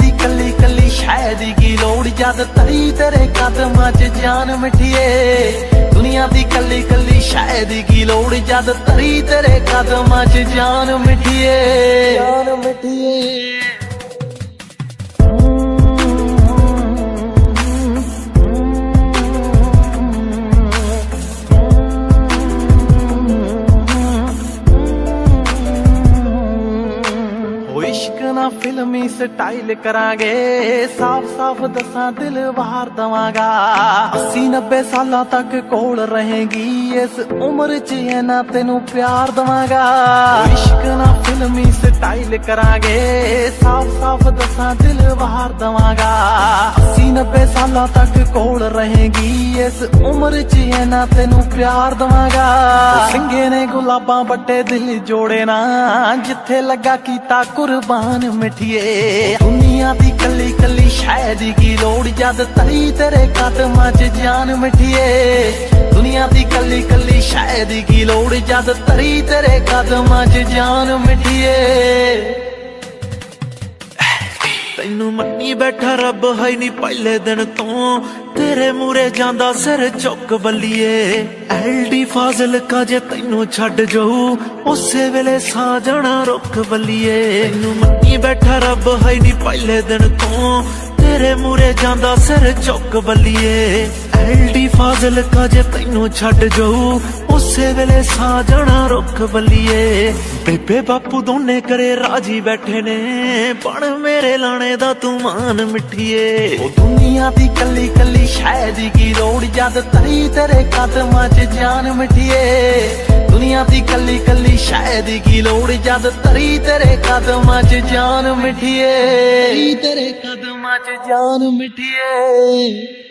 ਦੀ ਕੱਲੀ ਕੱਲੀ ਸ਼ਾਇਦ ਕੀ ਲੋੜ ਜਦ ਤਰੀ ਤੇਰੇ ਕਦਮਾਂ 'ਚ ਜਾਨ ਮਿਠੀਏ ਦੁਨੀਆ ਦੀ ਕੱਲੀ ਕੱਲੀ ਸ਼ਾਇਦ ਕੀ ਲੋੜ ਜਦ ਤਰੀ ਤੇਰੇ ਕਦਮਾਂ 'ਚ ਜਾਨ ਮਿਠੀਏ ਜਾਨ ਮਿਠੀਏ ਓ ਇਸ਼ਕ ਨਾ ਫਿਲਮੀ ਸਟਾਈਲ ਕਰਾਂਗੇ ਸਾਫ਼-ਸਾਫ਼ ਦੱਸਾਂ ਦਿਲ ਵਾਰ ਦਵਾਂਗਾ 80 90 ਸਾਲਾਂ ਤੱਕ ਕੋਲ ਰਹੇਗੀ ਇਸ ਉਮਰ 'ਚ ਇਹਨਾਂ ਤੈਨੂੰ ਪਿਆਰ ਦਵਾਂਗਾ ਇਸ਼ਕ ਨਾ ਫਿਲਮੀ ਸਟਾਈਲ ਕਰਾਂਗੇ ਸਾਫ਼-ਸਾਫ਼ ਦੱਸਾਂ ਦਿਲ ਵਾਰ ਦਵਾਂਗਾ 80 90 ਸਾਲਾਂ ਤੱਕ ਕੋਲ ਰਹੇਗੀ ਇਸ ਉਮਰ 'ਚ ਇਹਨਾ ਤੈਨੂੰ ਪਿਆਰ ਦਵਾਂਗਾ ਸਿੰਘੇ ਨੇ ਗੁਲਾਬਾਂ ਵੱਟੇ ਦਿਲ ਜੋੜੇ ਨਾ ਜਿੱਥੇ ਲੱਗਾ ਕੀਤਾ ਕੁਰਬਾਨ ਮਿੱਠੀਏ ਦੁਨੀਆ ਦੀ ਕੱਲੀ ਕੱਲੀ ਸ਼ਾਇਦ ਕੀ ਲੋੜ ਜਦ ਤਰੀ ਤੇਰੇ ਕਦਮਾਂ 'ਚ ਜਾਨ ਮਿੱਠੀਏ ਦੁਨੀਆ ਦੀ ਕੱਲੀ ਕੱਲੀ ਸ਼ਾਇਦ ਕੀ ਲੋੜ ਜਦ ਤਰੀ ਤੇਰੇ ਕਦਮਾਂ 'ਚ ਜਾਨ ਮਿੱਠੀਏ ਮੈਨੂੰ ਮੰਨੀ ਬੈਠਾ ਰੱਬ ਹੈ ਨਹੀਂ ਪਹਿਲੇ ਦਿਨ ਤੋਂ ਤੇਰੇ ਮੂਰੇ ਜਾਂਦਾ ਸਿਰ ਚੁੱਕ ਬੱਲੀਏ ਐਲਡੀ ਫਾਜ਼ਲ ਕਾ ਜੇ ਤੈਨੂੰ ਛੱਡ ਜਾਉ ਉਸੇ ਵੇਲੇ ਸਾ ਜਾਣਾ ਬੱਲੀਏ ਮੈਨੂੰ ਮੰਨੀ ਬੈਠਾ ਰੱਬ ਹੈ ਨਹੀਂ ਪਹਿਲੇ ਦਿਨ ਤੋਂ ਤੇਰੇ ਮੂਰੇ ਜਾਂਦਾ ਸਿਰ ਚੁੱਕ ਬੱਲੀਏ ਐਲਡੀ ਫਾਜ਼ਲ ਕਾ ਜੇ ਤੈਨੂੰ ਛੱਡ ਜਾਉ ਉਸੇ ਵੇਲੇ ਸਾਜਣਾ ਰੁੱਖ ਬੱਲੀਏ ਬੇਬੇ ਬਾਪੂ ਦੋਨੇ ਕਰੇ ਰਾਜੀ ਬੈਠੇ ਨੇ ਪਣ ਮੇਰੇ ਲਾਣੇ ਦਾ ਤੂੰ ਮਾਨ ਮਿੱਠੀਏ ਉਹ ਦੁਨੀਆ ਦੀ ਕੱਲੀ ਕੱਲੀ ਸ਼ਾਇਦ ਕੀ ਲੋੜ ਜਦ ਤਰੀ ਤੇਰੇ ਕਦਮਾਂ 'ਚ ਜਾਨ ਮਿੱਠੀਏ ਦੁਨੀਆ ਦੀ ਕੱਲੀ ਕੱਲੀ ਸ਼ਾਇਦ ਕੀ ਲੋੜ ਜਦ ਤਰੀ ਤੇਰੇ ਕਦਮਾਂ 'ਚ ਜਾਨ ਮਿੱਠੀਏ ਤੇਰੇ ਕਦਮਾਂ 'ਚ ਜਾਨ ਮਿੱਠੀਏ